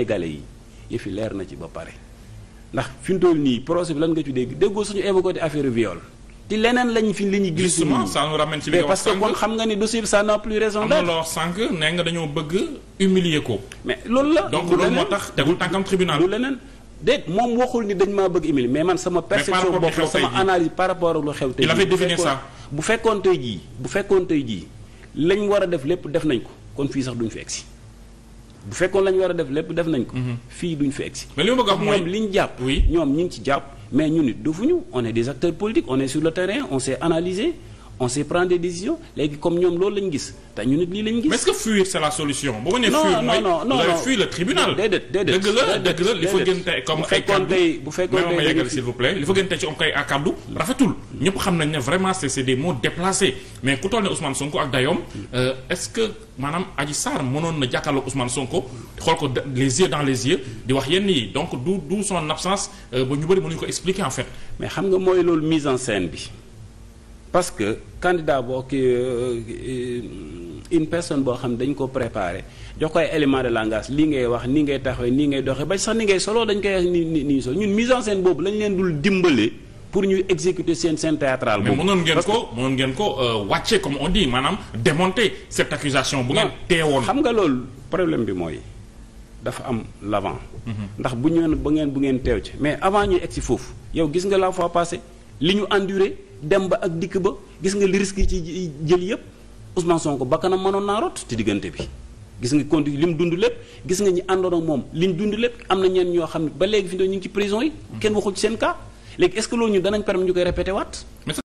sénégalais yi yëf yi leer na ci ba pare ndax fi nii procès bi lan nga ci dégg déggoo suñu évoqué di affaire viol leneen lañ fi li ñu gis. justement ça nous ramène ci li nga wax parce nee nga dañoo bëgg humilier ko. mais loolu la loolu moo tax tegul tànkam tribunal lu leneen. déet moom waxul ni dañ maa bëgg humilier mais man sama perception bopp sama analyse par rapport ak lu xew tey il bu fekkoon tey jii bu fekkoon tey jii lañ war a def lépp def nañ ko kon fii bu fekkoon lañ war a def lépp def nañ ko. Mhm. fii duñ fa egsi. mais li ma bëgg a wax ñoom liñ jàpp. ñoom ñu ngi ci jàpp mais ñun it defuñu on est des acteurs politiques on est sur le terrain on s'est analysé. on s'est prend des décisions léegi comme ñoom loolu lañ gis te nit lii lañ gis. mais est c'est la solution. boo nee fuir mooy tribunal. dëgg la dëgg la li fa gën tey comme ay bu fekkoon tey ma ku toll ne Ousmane Sonko ak dayoom euh, est-ce maanaam Adji Sarr mënoon na jàkkaarloog Ousmane Sonko xool ko les yeux dans les yeux di wax yenn yi donc d'où d'où son absence euh, ba ñu bëri mënuñu ko expliquer en fait. mais xam nga mooy loolu mise en scène bi. parce que candidat boo kii euh, une personne boo xam ne dañ ko préparé jox ko ay de langage lii ngay wax ni ngay taxawee nii ngay doxee ba sax ni ngay solo dañ koy wax ni ni nii sol ñun mise en scène boobu lañ leen dul dimbale pour ñu exécuter seen scène théâtrale boobu. mënoon ngeen ko mënoon ngeen ko euh, wàcce comme on dit maanaam démonter cette accusation bu ngeen teewoon xam nga loolu problème bi mooy dafa am l'avant. Mhm. ndax bu ñu ba ngeen bu ngeen teew ci mais avant foofu yow gis nga li ñu enduré dem ba ak dikk ba gis nga li risque yi ci jël yëpp Ousmane ba bakkanam mënoon naa rot ci diggante bi gis nga conti li mu dund lépp gis nga ñi àndoon ak moom li ñu dund lépp am na ñeen ñoo xam ne ba léegi fi ñu ngi ci prison yi kenn waxul ci seen cas léegi est-ce ñu danañ permettre ñu koy répété waat